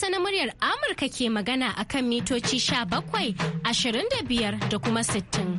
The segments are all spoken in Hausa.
Hausa na muryar Amurka ke magana akan mitoci 17, 25 da kuma sittin.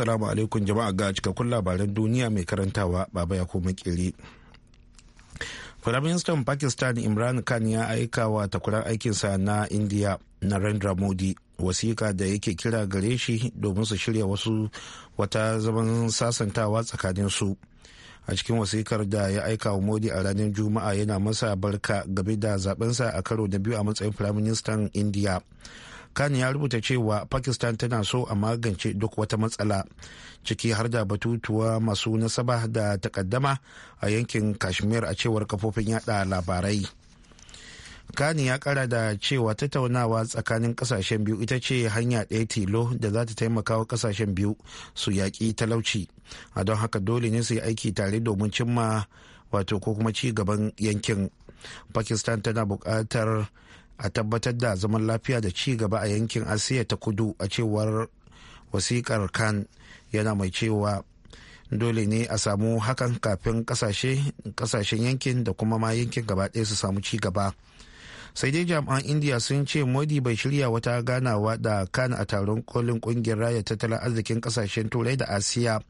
Assalamu alaikum jama'a ga cikakkun labaran duniya mai karantawa baba ya koma kiri. Firaministan Pakistan Imran Khan ya aika wa takurar aikinsa na India Narendra Modi wasika da yake kira gare shi domin su shirya wasu wata zaman sasantawa tsakanin su A cikin wasikar da ya aika wa Modi a ranar Juma'a yana masa barka game da zabensa a karo na biyu a matsayin Firaministan India. Indiya. kan ya rubuta cewa pakistan tana so a magance duk wata matsala ciki har da batutuwa masu nasaba da takaddama a yankin kashmir a cewar kafofin yada labarai kani ya kara da cewa tattaunawa tsakanin kasashen biyu ita ce hanya ɗaya tilo da za ta taimaka wa kasashen biyu su yaƙi talauci a don haka dole ne su yi aiki tare domin cimma wato ko kuma ci gaban yankin pakistan tana buƙatar a tabbatar da zaman lafiya da ci gaba a yankin asiya ta kudu a cewar wasikar khan yana mai cewa dole ne a samu hakan kafin kasashen yankin da kuma ma yankin gaba ɗaya su samu ci gaba sai dai jami'an india sun ce modi bai shirya wata ganawa da kan a taron kolin kungiyar raya tattalin arzikin kasashen turai da asiya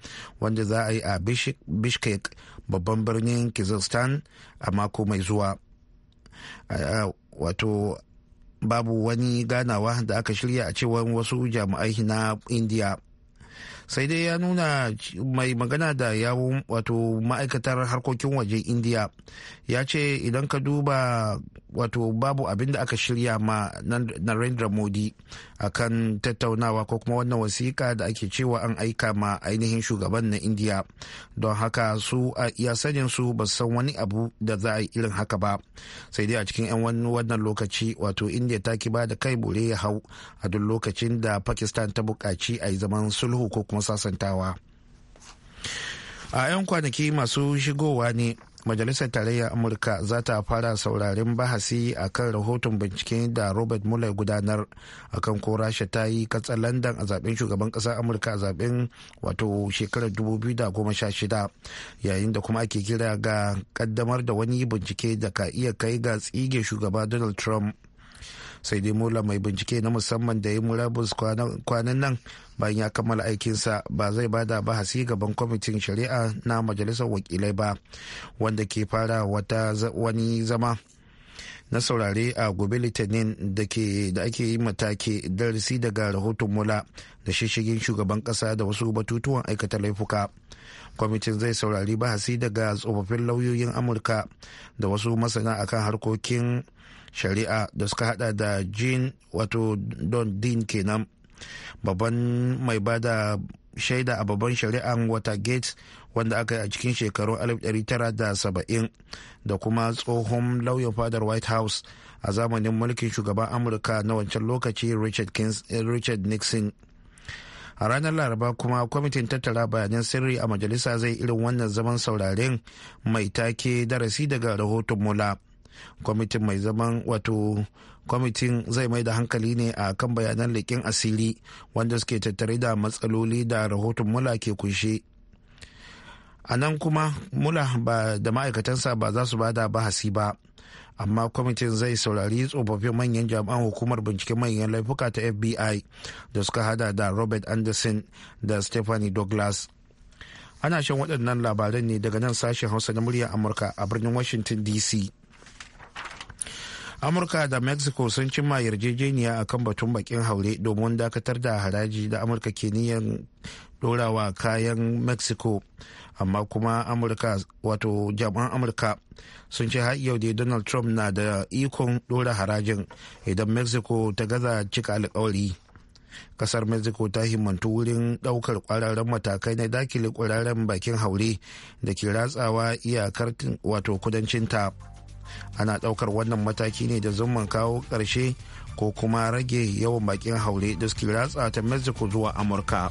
wanda za a yi a bishkek babban birnin kizistan a mako mai zuwa wato babu wani ganawa da aka shirya a cewar wasu jami'ai na indiya sai dai ya nuna mai magana da yawun wato ma'aikatar harkokin waje indiya ya ce idan ka duba wato babu abin da aka shirya ma narendra modi akan tattaunawa ko kuma wannan wasiƙa da ake cewa an aika ma ainihin shugaban na indiya don haka su a iya sanin su ba san wani abu da za a yi irin haka ba sai dai a cikin 'yan wannan lokaci wato indiya ta ki ba da kai bore ya hau a duk lokacin da pakistan ta buƙaci a yi zaman sulhu ko kuma sasantawa a 'yan kwanaki masu shigowa ne majalisar tarayyar amurka za ta fara sauraren bahasi a kan rahoton bincike da robert mueller gudanar a kan ko rasha ta yi katsalandan landan a zaben shugaban ƙasar amurka a zaben wato shekarar 2016 yayin da kuma ake kira ga kaddamar da wani bincike da ka iya kai ga tsige shugaba donald trump sai dai mula mai bincike na musamman da ya murabus kwanan nan bayan ya kammala aikinsa ba zai bada bahasi gaban kwamitin shari'a na majalisar wakilai ba wanda ke fara wata wani zama na saurare a gobe litinin da ake yi matake darasi daga rahoton mula da shishigin shugaban kasa da wasu batutuwan aikata laifuka kwamitin zai saurari bahasi daga tsofaffin lauyoyin amurka da wasu masana akan harkokin shari'a da suka hada da jean wato don din kenan babban mai ba da shaida a babban shari'an watergate wanda aka yi a cikin shekarun 1970 da kuma tsohon lauyan fadar white house a zamanin mulkin shugaban amurka na wancan lokaci eh, richard nixon a ranar laraba kuma kwamitin tattara bayanan sirri a majalisa zai irin wannan zaman sauraren mai take darasi daga rahoton mula kwamitin mai zaman wato kwamitin zai mai da hankali ne a kan bayanan leƙin asiri wanda suke tattare da matsaloli da rahoton mula ke kunshe a nan kuma mula ba da ma'aikatansa ba za su ba da bahasi ba amma kwamitin zai saurari tsofaffin manyan jami'an hukumar binciken manyan laifuka ta fbi da suka hada da robert anderson da stephanie douglas ana shan waɗannan labaran ne daga nan sashen hausa na muryar amurka a birnin washington dc amurka da mexico sun cimma yarjejeniya a kan batun bakin haure domin dakatar da haraji da amurka ke niyyar dorawa kayan mexico amma kuma amurka wato jami'an amurka sun ce har yau dai donald trump na da ikon dora harajin idan mexico ta gaza cika alkawari kasar mexico ta himmantu wurin daukar kwararren matakai na dakile kwararren bakin haure da ke ratsawa iyakar wato kudancinta. ta ana ɗaukar wannan mataki ne da zumman kawo ƙarshe ko kuma rage yawan bakin haure da suke ratsa ta mexico zuwa amurka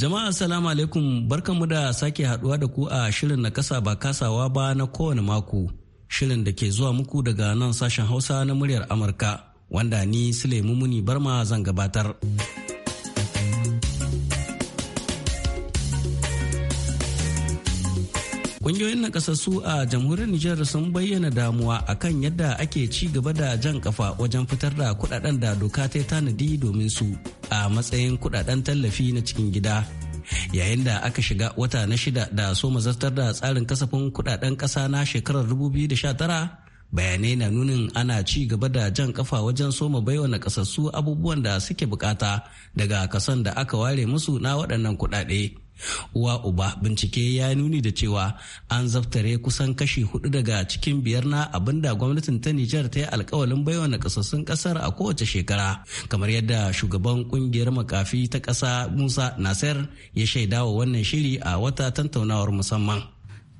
Jama'a salamu alaikum barkanmu da sake haduwa da ku a shirin na kasa ba kasawa ba na kowane mako. Shirin da ke zuwa muku daga nan sashen Hausa na muryar Amurka wanda ni Sule Mumuni Barma zan gabatar. Ƙungiyoyin nakasassu a jamhuriyar Nijar sun bayyana damuwa akan yadda ake ci gaba da jan kafa wajen fitar da kudaden da doka ta tanadi domin su a matsayin kudaden tallafi na cikin gida. Yayin da aka shiga wata na shida da so mazartar da tsarin kasafin kudaden ƙasa na shekarar 2019 bayanai na nunin ana ci gaba da jan kafa wajen soma baiwa nakasassu abubuwan da suke bukata daga kasan da aka ware musu na waɗannan kuɗaɗe. uwa uba bincike ya nuni da cewa an zaftare kusan kashi hudu daga cikin biyar na abin da gwamnatin ta nijar ta yi alkawalin baiwa na kasassun kasar a kowace shekara kamar yadda shugaban kungiyar makafi ta kasa musa nasir ya shaidawa wannan shiri a wata tantaunawar musamman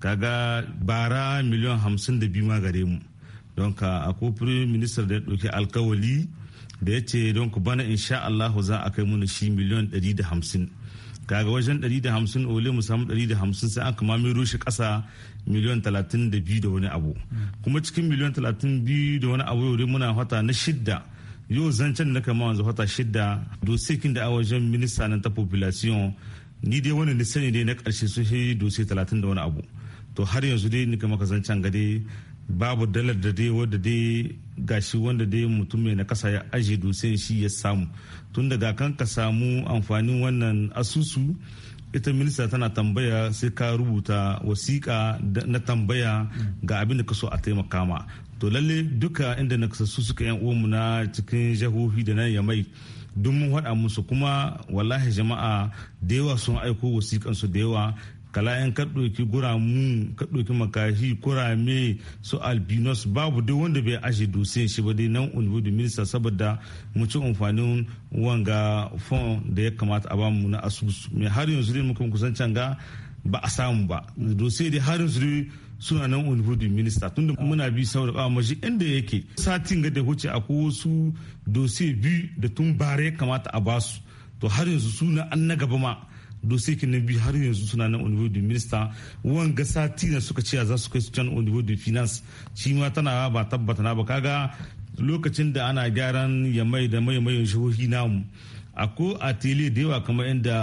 kaga bara miliyan hamsin da biyu ma gare mu don ka a kofirin da ya ɗauki alkawali da ya ce don ku bana insha Allah za a kai mana shi miliyan ɗari da hamsin kaga wajen 150 ole mu samu 150 sai aka ma miro shi kasa miliyan 32 da wani abu kuma cikin miliyan 32 da wani abu yau muna hata na shidda yau zancen na kama wanzu hata shidda dosekin da a wajen minista na ta population ni dai wani lissani dai na karshe sun shi dosi 30 da wani abu to har yanzu dai ni kama ka zancen gade babu dalar da dai wanda dai gashi wanda dai mutum mai na kasa ya aje dusen shi ya samu tun daga kan ka samu amfanin wannan asusu ita minista tana tambaya sai ka rubuta wasiƙa na tambaya ga abin da ka so a taimaka ma to lalle duka inda na kasassu suka yan uwanmu na cikin jahohi da na yamai duk mun haɗa musu kuma wallahi jama'a da yawa sun aiko wasiƙansu da yawa kala yan ka ɗauki guramu ka ɗauki makashi kurame su albinos babu duk wanda bai ashe dusin shi ba dai nan da minista saboda mu ci amfanin wanga fon da ya kamata a bamu na asusu mai har yanzu dai muka kusan canga ba a samu ba dusin dai har yanzu dai suna nan da minista tun da muna bi saboda ba mashi inda yake satin ga da huce akwai wasu dusin biyu da tun bare kamata a basu to har yanzu suna an na gaba ma dosi na biyu har yanzu suna nan on niveau minista wanga sati na suka ce za su kai su can on niveau finance shi ma tana ba tabbata na ba kaga lokacin da ana gyaran ya mai da mai mai jihohi namu ako a tele da yawa kamar inda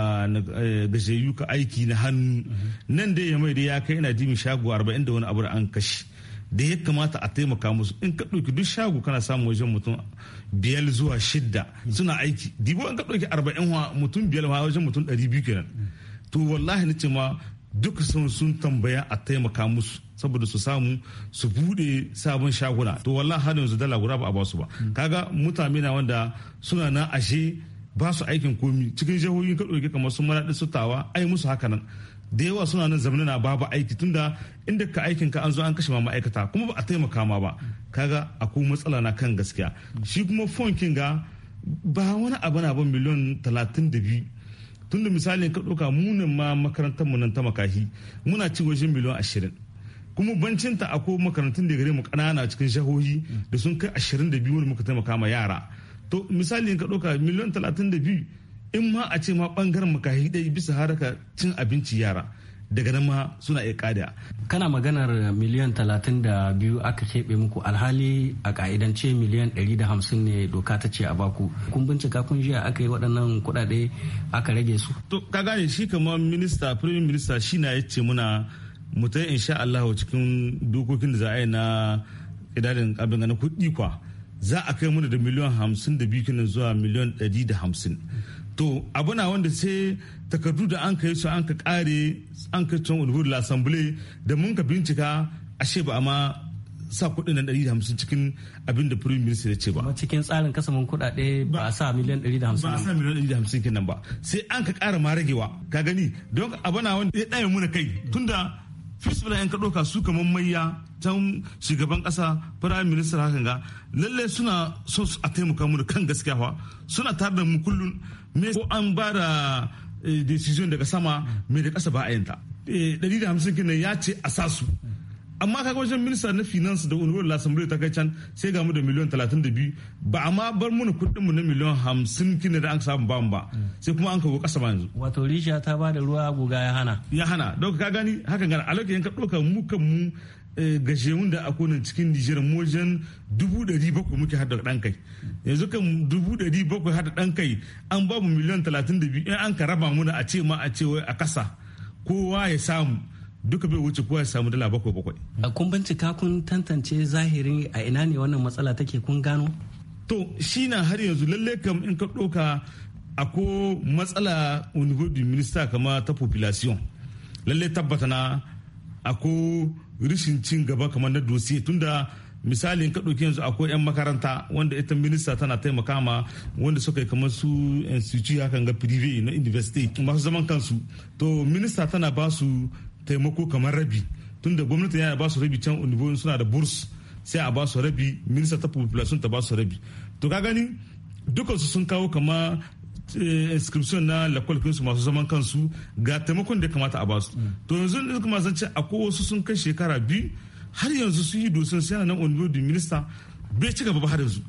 eh, gashayu ka aiki na hannu mhm. nan dai ya mai da ya kai ina jimi shago arba'in da wani abu da an kashi da ya kamata a taimaka musu in ka ɗauki duk shago kana samun wajen mutum biyar zuwa shidda suna aiki dibo in ka ɗauki arba'in wa mutum biyar wa wajen mutum ɗari biyu kenan to wallahi na ce ma duk sun sun tambaya a taimaka musu saboda su samu su bude sabon shaguna to wallahi har yanzu dala guda ba a basu ba kaga mutane na wanda suna na ashe ba su aikin komi cikin jihohi ka ɗauki kamar su maraɗi su tawa ai musu haka nan da yawa suna nan zamani na babu aiki tunda inda ka aikin ka an zo an kashe ma ma'aikata kuma ba a taimaka ma ba kaga akwai matsala na kan gaskiya shi kuma fon kinga ba wani abu na ba miliyan talatin da biyu tunda misali ka ɗauka munin ma makarantar mu nan ta makahi muna ci wajen miliyan ashirin kuma bancinta akwai makarantun da gare mu ƙanana cikin shahohi da sun kai ashirin da biyu wani muka taimaka ma yara to misali ka ɗauka miliyan talatin da biyu in ma a ce ma bangaren makahi dai bisa haraka cin abinci yara daga nan ma suna iya kada. Kana maganar miliyan talatin da biyu aka keɓe muku alhali a ka'idance miliyan ɗari da hamsin ne doka ta ce a baku. Kun bincika kun jiya aka yi waɗannan kuɗaɗe aka rage su. To ka gane shi kamar minista firin minista shi na ya ce muna mutai insha Allah cikin dokokin da za a yi na idadin abin kuɗi kwa za a kai muna da miliyan hamsin da biyu zuwa miliyan ɗari da hamsin. to abuna wanda sai takardu da an kai su an ka kare an ka can wani l'assemblée da mun ka bincika ashe ba a ma sa kuɗin na 150 cikin abin da prime minister ya ce ba. cikin tsarin kasamin kudade ba a sa miliyan 150 ba a sa miliyan 150 kenan ba sai an ka kara ma ragewa ka gani don abana wanda ya daya muna kai tunda fisbila yan ka doka su kamar mayya can shugaban kasa. prime minister hakan ga lallai suna so a taimaka mu kan gaskiya fa suna tare da mu kullum. ko an ba da eh, decision daga sama mai da kasa ba a yanta 150 kinan ya ce a sasu amma kaga wajen minista na finance da unuwar lasamble ta kai can sai gamu da miliyan 32 ba amma bar mana kudin mu na miliyan 50 kinan da an samu ba ba sai kuma an kawo kasa ba yanzu wato risha ta ba da ruwa guga ya hana ya hana don ka gani hakan gana a lokacin ka ɗauka mu kan mu Eh, Gashewun da akwai nan cikin Nijar mojan dubu dari bakwai muke hada dan kai yanzu kan dubu dari bakwai hada dan kai an ba mu miliyan talatin da biyu in an ka raba muna a ce ma a ce wai a kasa kowa ya samu duka bai wuce kowa ya samu dala bakwai bakwai. kun bincika kun tantance zahiri a ina ne wannan matsala take kun gano. to shi na har yanzu lalle kam in ka ɗauka ako matsala univodi minista kama ta population lalle tabbata na ako rishin cin gaba kamar na dosiye tunda misali ka ɗauki yanzu akwai 'yan makaranta wanda ita minista tana taimaka ma wanda suka yi kamar su institute hakan ga prive na university masu zaman kansu to minista tana ba su taimako kamar rabi tunda gwamnati yana ba su rabi can univoyin suna da burs sai a ba su rabi minista ta population ta ba su rabi to ka gani dukansu sun kawo kama Eh, inscription na lakwal su masu zaman kansu ga taimakon da ya kamata a basu mm. to yanzu da kuma zance akwai wasu sun kai shekara biyu har yanzu su yi dosin sai nan on da minista bai ci gaba ba har yanzu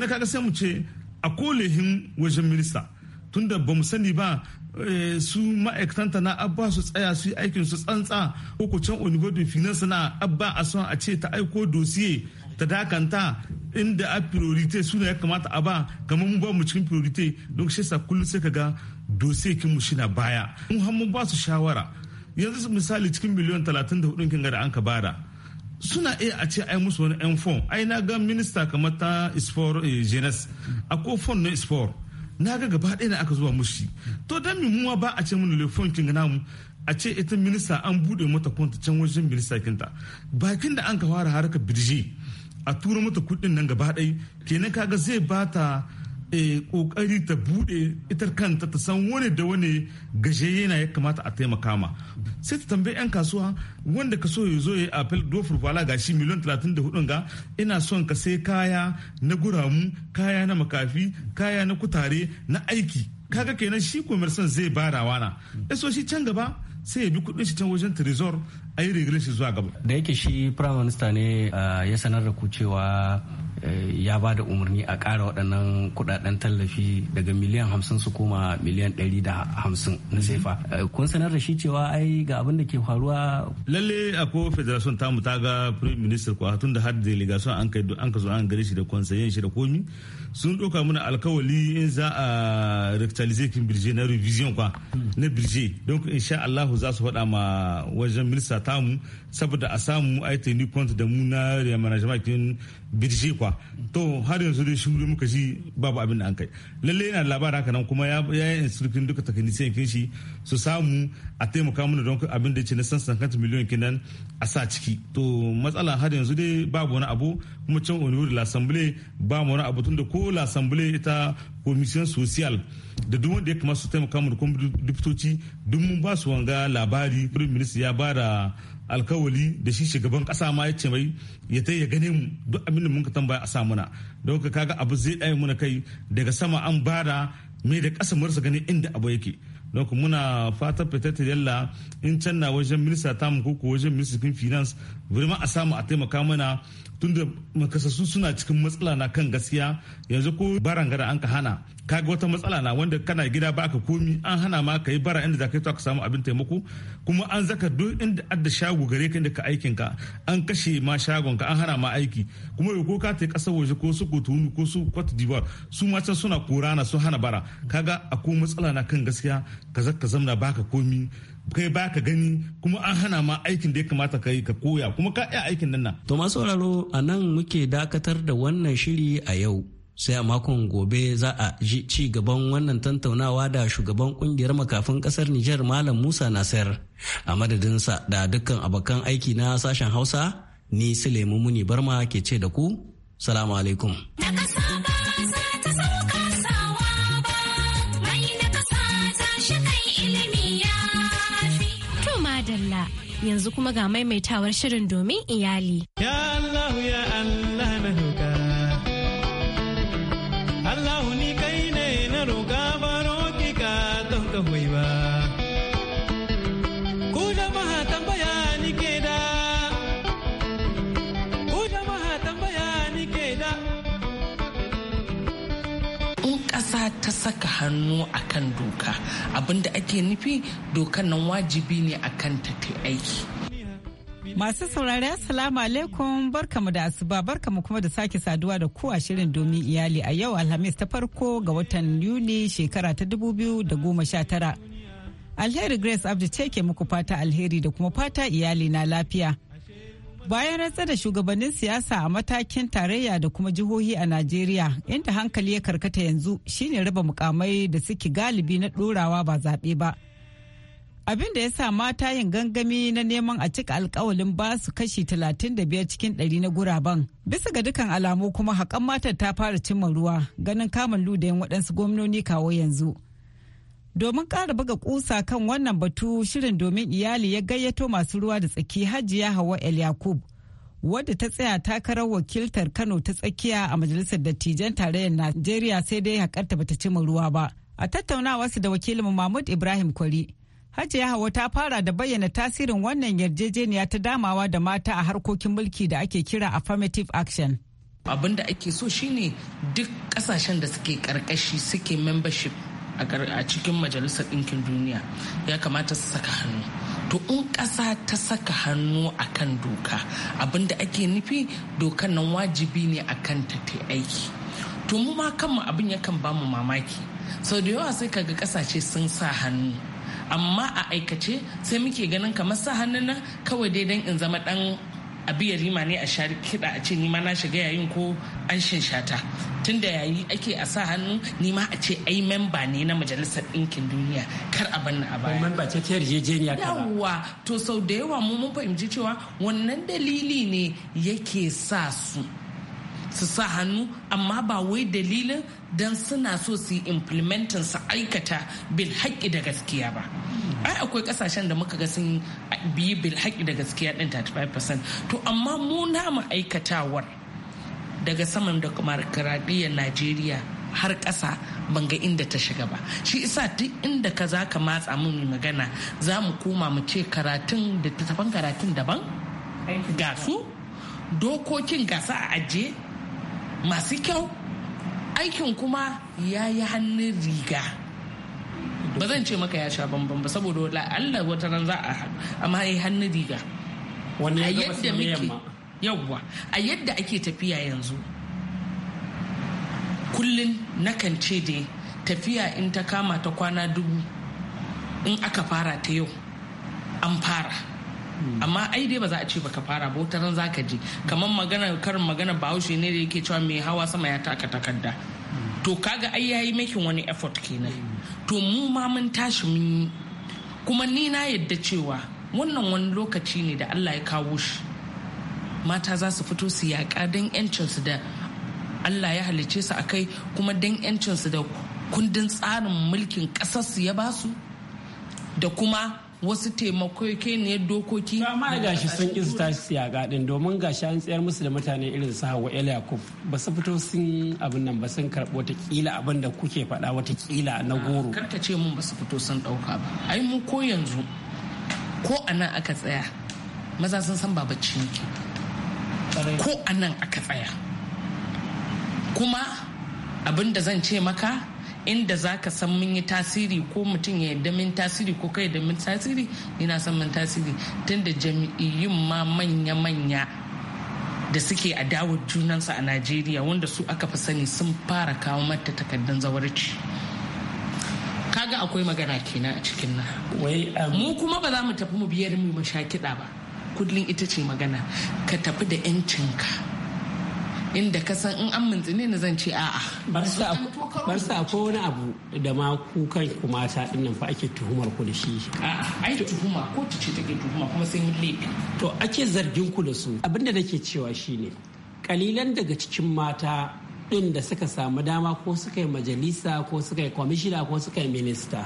na kaga sai mu ce a kolehin wajen minista tunda ba mu sani ba eh, su ma'aikatanta na abba su tsaya su yi aikin su tsantsa ko can on finance na abba a son a ce ta aiko dosiye ta dakanta inda a priorite su ne ya kamata a ba kamar mu ba mu cikin priorite don shi sa kullum sai ka ga kin mu shina baya mun har ba su shawara yanzu misali cikin miliyan 34 kin ga da an ka bada suna iya a ce ai musu wani yan fon ai na ga minista kamar ta isfor eh, jenes ko fon na isfor na ga gaba ɗaya na aka zuwa mushi to dan mu ba a ce mun lefon kin namu a ce ita minista an bude mata kwanta can wajen minista kinta bakin da an ka fara harkar birji a tura mata kudin nan gaba ɗai kenan kaga zai bata kokari ta eh, bude itar kanta ta san wani da wani gaje yana ya kamata a taimaka ma sai ta tambayi 'yan kasuwa wanda ka so ya zo ya apel dofur bala ga shi miliyan 34 ga ina son ka sai kaya na guramu kaya na makafi kaya na kutare na aiki kaga kenan shi commerçant zai ba bada wana hmm. so shi can gaba sai ya bi kudin shi can wajen trezor a yi rigirin zuwa gaba da yake shi prime minister ne ya sanar da ku cewa e, ya ba da umarni a ƙara waɗannan kuɗaɗen tallafi daga miliyan hamsin su koma miliyan ɗari da hamsin na sefa hmm. e, kun sanar da shi cewa ai ga abin da ke faruwa lalle ko federation ta ga prime minister ko tun da har delegation an kai an ka zo an gare shi da konsayen shi da komi sun ɗauka mana alkawali in za a kin birje na revision kwa na birje don insha Allah za su faɗa ma wajen minista tamu saboda a samu a yi teni point da mu na management kin birje kwa to har yanzu dai shi muka ji babu abin da an kai lalle yana labarin haka nan kuma ya yi instrukin duka takanisiyan kin shi su samu a taimaka mana don abin da ya ce na san san kanta miliyon kinan a sa ciki to matsala har yanzu dai babu wani abu kuma can wani wuri l'assemblée ba mu wani abu tunda ko l'assemblée ita commission social da duk wanda ya kamata su taimaka mu da kuma duk mun ba su wanga labari prime minister ya ba da alkawali da shi shugaban kasa ma ya ce mai ya ta ya gane mu duk abin da ka tambaya a sa muna don ka kaga abu zai ɗaya muna kai daga sama an bada mai da kasa marasa gani inda abu yake don muna fitar ta yalla in can wajen minista ta ko wajen minista finance wuri ma a samu a taimaka mana tunda makasassu suna cikin matsala na kan gaskiya yanzu ko baran gada an ka hana kaga wata matsala na wanda kana gida ba ka komi an hana ma ka yi bara inda za ka yi ka samu abin taimako kuma an zaka duk inda adda shago gare ka inda ka aikin ka an kashe ma shagon ka an hana ma aiki kuma ko ka ta kasar waje ko su kotunu ko su cote d'ivoire su ma can suna korana su hana bara kaga akwai matsala na kan gaskiya ka zaka zamna baka komi kai ba ka gani kuma an hana ma aikin da ya kamata ka yi ka koya kuma ka iya aikin nan na. To masu sauraro a nan muke dakatar da wannan shiri a yau. sai a makon gobe za a ji ci gaban wannan tantaunawa da shugaban kungiyar makafin kasar Nijar Malam Musa Nasir a madadinsa da dukkan abokan aiki na sashen Hausa ni Sulaimu Muni Barma ke ce da ku salamu alaikum. yanzu kuma ga maimaitawar shirin domin iyali. Ya Allah ya Allah na roƙa. Allah ni kai ne na roƙa ba roƙi ka don ka ba. Ku jama'a tambaya ni ke da. Ku jama'a tambaya ni ke da. In ƙasa ta saka hannu akan doka abin da ake nufi dokan nan wajibi ne akan ta aiki Masu saurari Assalamu alaikum barkamu da asuba barkamu kuma da sake saduwa da ku a shirin domin iyali a yau Alhamis ta farko ga watan Yuni shekara ta dubu biyu da goma sha tara. Alheri Grace Abdi ce ke muku fata alheri da kuma fata iyali na lafiya. bayan rantsar da shugabannin siyasa a matakin tarayya da kuma jihohi a najeriya inda hankali ya karkata yanzu shine raba mukamai da suke galibi na dorawa ba zaɓe ba abin da ya sa mata yin gangami na neman a cika alkawalin ba su kashi 35 cikin 100 na guraben bisa ga dukan alamu kuma haƙan matar ta fara cimma ruwa ganin kamun ludayin waɗansu gwamnoni kawo yanzu Domin ƙara buga ƙusa kan wannan batu shirin domin iyali ya gayyato masu ruwa da tsaki Hajiya Hawa El Yakub wadda ta tsaya takarar wakiltar Kano ta tsakiya a Majalisar Dattijan Tarayyar Najeriya sai dai hakarta bata cima ruwa ba. A tattaunawarsu da wakilin Mahmud Ibrahim Kwari. Hajiya Hawa ta fara da bayyana tasirin wannan yarjejeniya ta damawa da mata a harkokin mulki da ake kira affirmative action. Abin da ake so shine duk kasashen da suke karkashi suke membership a cikin majalisar ɗinkin duniya ya kamata su saka hannu to in ƙasa ta saka hannu a kan doka abinda ake nufi dokan nan wajibi ne a kan ta aiki to mu ma kanmu abin yakan bamu mamaki sau da yawa sai kaga ƙasashe sun sa hannu amma a aikace sai muke ganin kamar sa hannuna nan kawai dai in zama ɗan a biya rima ne a shari kiɗa a ce ni ma na shiga yayin ko an shata tun da yayi ake a sa hannu ni ma a ce ai memba ne na majalisar ɗinkin duniya kar a banna a baya memba ce ta yarjejeniya kaza yawwa to sau da yawa mu mun fahimci cewa wannan dalili ne yake sa su su sa hannu amma ba wai dalilin don suna so su yi implementin su aikata bil haƙƙi da gaskiya ba ai akwai kasashen da muka ga sun biyi bil haƙi da gaskiya din 35% to amma mu na ma'aikatawar daga saman da demokaradiyyar najeriya har ƙasa ban ga inda ta shiga ba shi isa duk inda ka za ka matsa mun magana za mu koma mu ce karatun da tattafan karatun daban ga su dokokin gasa a ajiye masu kyau aikin kuma ya yi hannun riga ba zan ce maka ya sha bamban ba saboda Allah wata ran za a haɗu amma hannu riga wani ya yadda muke yawwa a yadda ake tafiya yanzu kullum nakan ce dai tafiya in ta kama ta kwana dubu in aka fara ta yau an fara hmm. amma ai dai ba za a ce baka fara ba wata ran za ka je kamar magana karin magana bahaushe ne da yake cewa mai hawa sama ya taka takarda to kaga ai yayi makin wani effort kenan to mu ma mun tashi mun yi kuma ni na yadda cewa wannan wani lokaci ne da Allah ya kawo shi mata za su fito su yaƙa don 'yancinsu da Allah ya halice su a kai kuma don 'yancinsu da kundin tsarin mulkin ƙasarsu ya basu da kuma wasu taimakoki ne dokoki ba ma shi sun kisa su tashi siyaga din domin shi an tsayar musu da mutane irin su hawa el yakub ba su fito sun abin nan ba sun wata kila abin da kuke faɗa kila na ah, goro karka ce mun ba su fito sun ɗauka ba ai mu ko yanzu ko a nan aka tsaya maza sun san baba cinki ko a nan aka tsaya kuma abin da zan ce maka inda za ka san mun yi tasiri ko mutum ya yadda min tasiri ko kai da min tasiri ni na san mun tasiri tunda jami'in ma manya-manya da suke a dawar junansa a najeriya wanda su aka fi sani sun fara kawo mata takardun zawarci kaga akwai magana kenan a cikin nan um, mu kuma ba za mu tafi mu biyar mu masha kiɗa ba kullum ita ce magana ka tafi da 'yancinka inda ka san in an ni zan ce a'a bar sa ko wani abu da ma ku kan ku mata din fa ake tuhumar ku da shi a'a ai tuhuma ko ta ce take tuhuma kuma sun yi laifi to ake zargin ku da su abin da nake cewa shine kalilan daga cikin mata din da suka samu dama ko suka yi majalisa ko suka yi kwamishina ko suka yi minista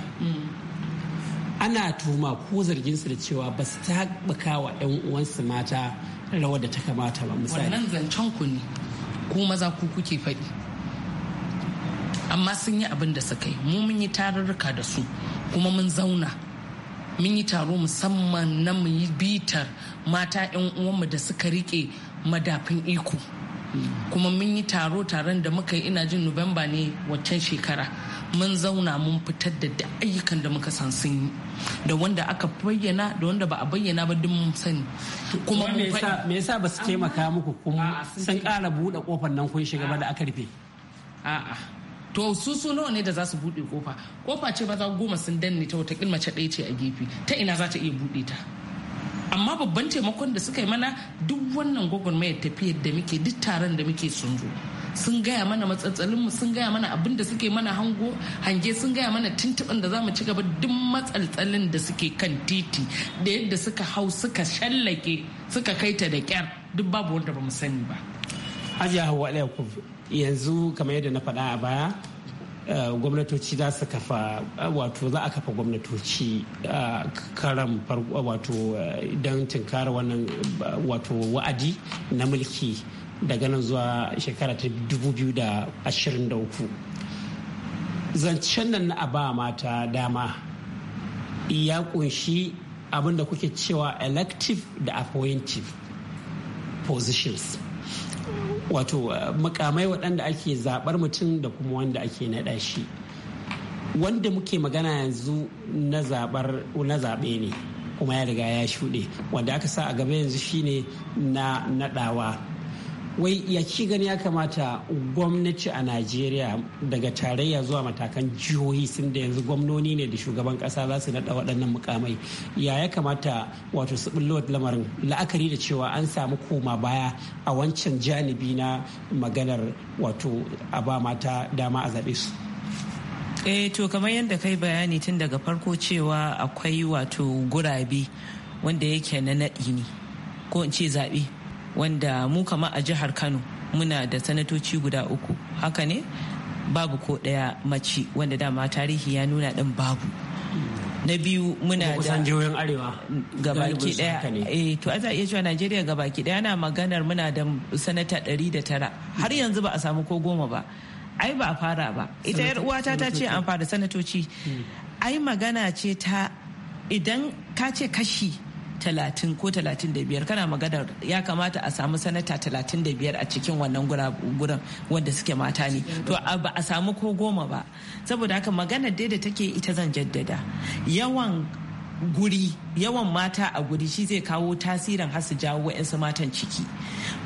ana tuhuma ko zargin su da cewa ba su ta wa 'yan uwansu mata rawar da ta kamata ba misali wannan zancen ku ne ku maza ku kuke faɗi amma sun yi abin da suka yi mu mun yi tarurruka da su kuma mun zauna mun yi taro musamman na mu yi bitar mata 'yan uwanmu da suka rike madafin iko kuma mun yi taro taron da muka yi ina jin nuwamba ne waccan shekara mun zauna mun fitar da ayyukan da muka san sun yi da wanda aka bayyana da wanda ba a bayyana ba duk mun sani kuma me yasa ba su taimaka muku kuma sun kara buɗe kofar nan kun shiga ba da aka rufe a'a to su su nawa ne da za su buɗe kofa kofa ce ba za goma sun danne ta wata kilmace ɗaya ce a gefe ta ina za ta iya buɗe ta amma babban taimakon da suka yi mana duk wannan gwagwarmayar tafiyar da muke duk taron da muke sun zo sun gaya mana mu sun gaya mana abin da suke mana hango hange sun gaya mana tuntuɓin da za mu ci gaba duk matsaltsalin da suke kan titi da yadda suka hau suka shallake suka kai ta da kyar duk babu wanda ba mu sani ba. Hajiya Hauwa yanzu kamar yadda na faɗa a baya Eh, gwamnatoci za su kafa eh, wato za a kafa gwamnatoci eh, karan wato don tunkara wannan wato wa'adi na mulki daga nan zuwa shekara ta 2023 zancen nan na a ba mata dama ya kunshi abin da kuke cewa elective da appointive positions wato uh, mukamai waɗanda ake zaɓar mutum da kuma wanda ake naɗa shi wanda muke magana yanzu na zaɓe ne kuma ya riga ya shuɗe wanda aka sa a gaba yanzu shine na naɗawa wai ya ci gani ya kamata gwamnati a najeriya daga tarayya zuwa matakan jihohi sun da yanzu gwamnoni ne da shugaban kasa za su naɗa waɗannan mukamai ya ya kamata wato su ɓullo lamarin la'akari da cewa an samu koma baya a wancan janibi na maganar wato a ba mata dama a zaɓe su eh to kamar yadda kai bayani tun daga farko cewa akwai wato gurabe wanda yake na naɗi ne ko in ce zaɓe wanda mu kama a jihar kano muna da sanatoci guda uku haka ne babu ko ɗaya mace wanda dama tarihi ya nuna ɗin babu na biyu muna da jihohin arewa gabaki daya eh to za iya cewa Najeriya gabaki daya na maganar muna da sanata 109 har yanzu ba a samu ko goma ba ai ba a fara ba ita yar uwata ta ce an fara sanatoci hmm. ai magana ce ta idan ka ce kashi talatin ko talatin da biyar kana magana ya kamata a samu sanata talatin da biyar a cikin wannan guran wanda suke mata ne to a ba a samu ko goma ba saboda haka magana dai da take ita zan jaddada yawan guri yawan mata a guri shi zai kawo tasirin har su jawo wa'yansu matan ciki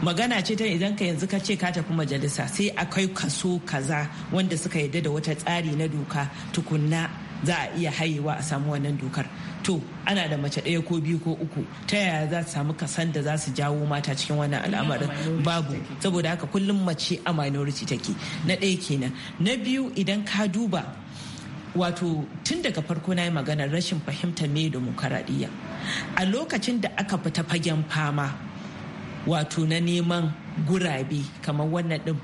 magana ce ta idan ka yanzu ka ce ka tafi majalisa sai akwai kaso kaza wanda suka yarda da wata tsari na doka tukunna za a iya hayewa a samu wannan dokar to ana da mace ɗaya ko biyu ko uku ta yaya za su samu kasan da za su jawo mata cikin wannan al'amarin babu saboda haka kullum mace a minority take na ɗaya kenan na biyu idan ka duba wato tun daga farko na yi magana rashin fahimtar me demokaradiyya a lokacin da aka fita fagen fama wato na neman gurabe kamar wannan ɗin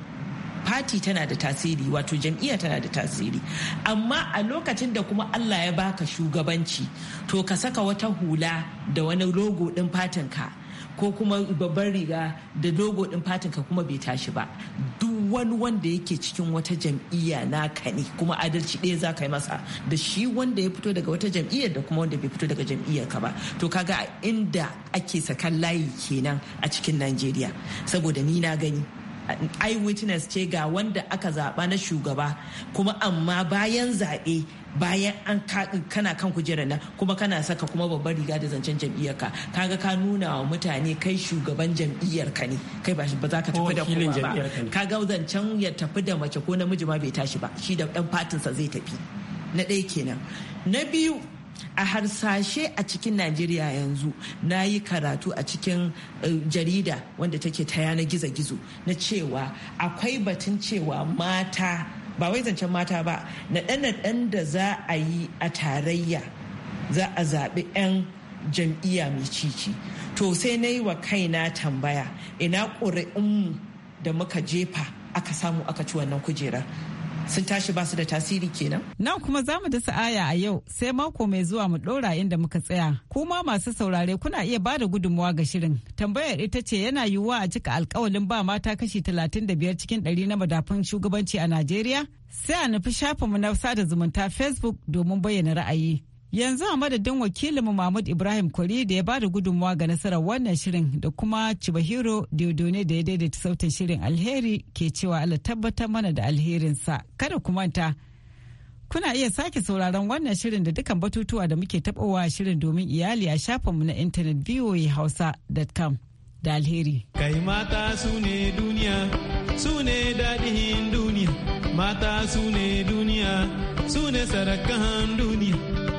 fati tana da tasiri wato jam'iyya tana da tasiri amma a lokacin da kuma allah ya baka shugabanci to ka saka wata hula da wani logo din fatinka ko kuma babban riga da logo din fatinka kuma bai tashi ba duk wani wanda yake cikin wata jam'iyya naka ne kuma adalci ɗaya za ka yi masa da shi wanda ya fito daga wata jam'iyya da kuma wanda bai fito daga jam'iyyar ka ba to kaga inda ake sakan layi kenan a cikin najeriya saboda ni na gani eyewitness ce ga wanda aka zaɓa na shugaba kuma amma bayan zaɓe bayan an kana kan kujerar nan kuma kana saka kuma babban riga da zancen jam'iyyarka kaga ka nuna wa mutane kai shugaban jam'iyyarka ne kai ba za ka tafi da kowa ba kaga zancen ya tafi da mace ko namiji ma bai tashi ba shi da dan fatinsa zai tafi na ɗaya kenan na biyu a harsashe a cikin najeriya yanzu na yi karatu a cikin eh, jarida wanda take ta yanar gizo-gizo na cewa akwai batun cewa mata ba wai zancen mata ba na ɗan da za a yi a tarayya za a zaɓi 'yan jam'iyya mai cici to sai na yi wa kaina tambaya ina ƙuri'in da muka jefa aka samu aka ci wannan kujerar sun tashi basu da tasiri kenan. Nan kuma za mu da sa'aya a yau sai mako mai zuwa mu ɗora inda muka tsaya. Kuma masu saurare kuna iya bada gudunmawa ga shirin. Tambayar ita ce yana yiwuwa a cika alkawalin ba mata kashi talatin da biyar cikin ɗari na madafun shugabanci a Najeriya? Sai a nufi shafinmu na sada zumunta Facebook domin bayyana ra'ayi. Yanzu a madadin wakilinmu Mahmud Ibrahim Kwari da ya bada gudunmawa ga nasarar wannan shirin da kuma Chibahiro Diodone da ya daidaita sautin shirin alheri ke cewa ala tabbatar mana da alherinsa kada ku manta. Kuna iya sake sauraron wannan shirin da dukkan batutuwa da muke tabowa shirin domin iyali a shafinmu na intanet voahausa.com da alheri. Kai mata su ne duniya, su ne daɗin duniya, mata su ne duniya, su ne sarakan duniya.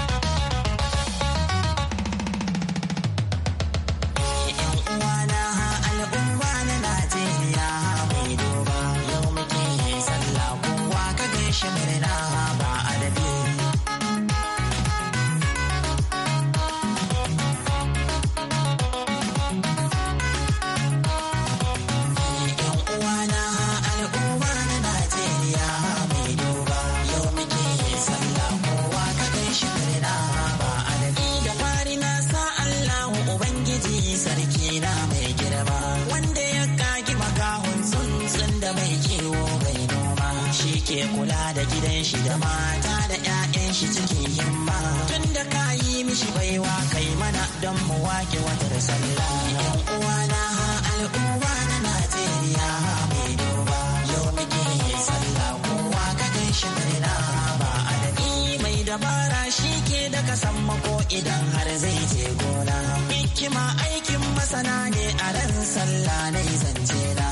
gidan shi da mata da 'ya'yan shi cikin himma tun da ka yi mishi baiwa kai mana don mu wake watar sallah yan uwa na ha al'umma na Najeriya mai duba yau muke yin sallah kowa ka gan shi murna ba adadi mai dabara shi ke da kasan mako idan har zai je gona hikima aikin masana ne a ran sallah na zance na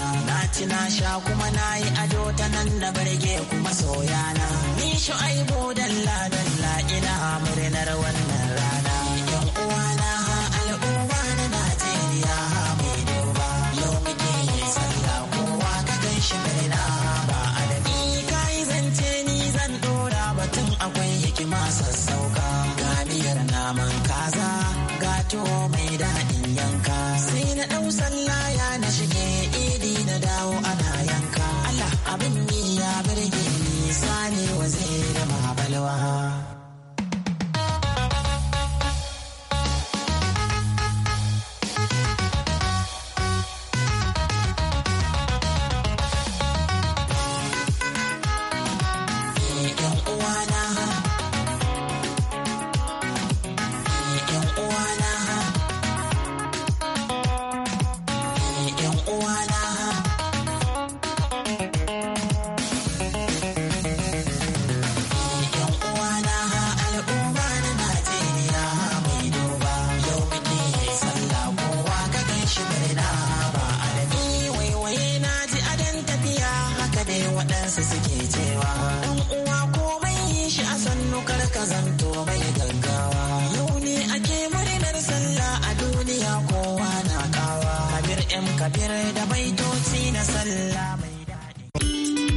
ci na sha kuma na yi ado ta nan na barge kuma soyana. Ni shu'aibu dalla dalla ina murnar wannan rana. Yan uwana al'umma na Najeriya mai duba. Yau muke yi sallah kowa ka gan shi murna ba adadi. Ka yi zance ni zan dora batun akwai hikima sassauka. Ga naman kaza ga tuwo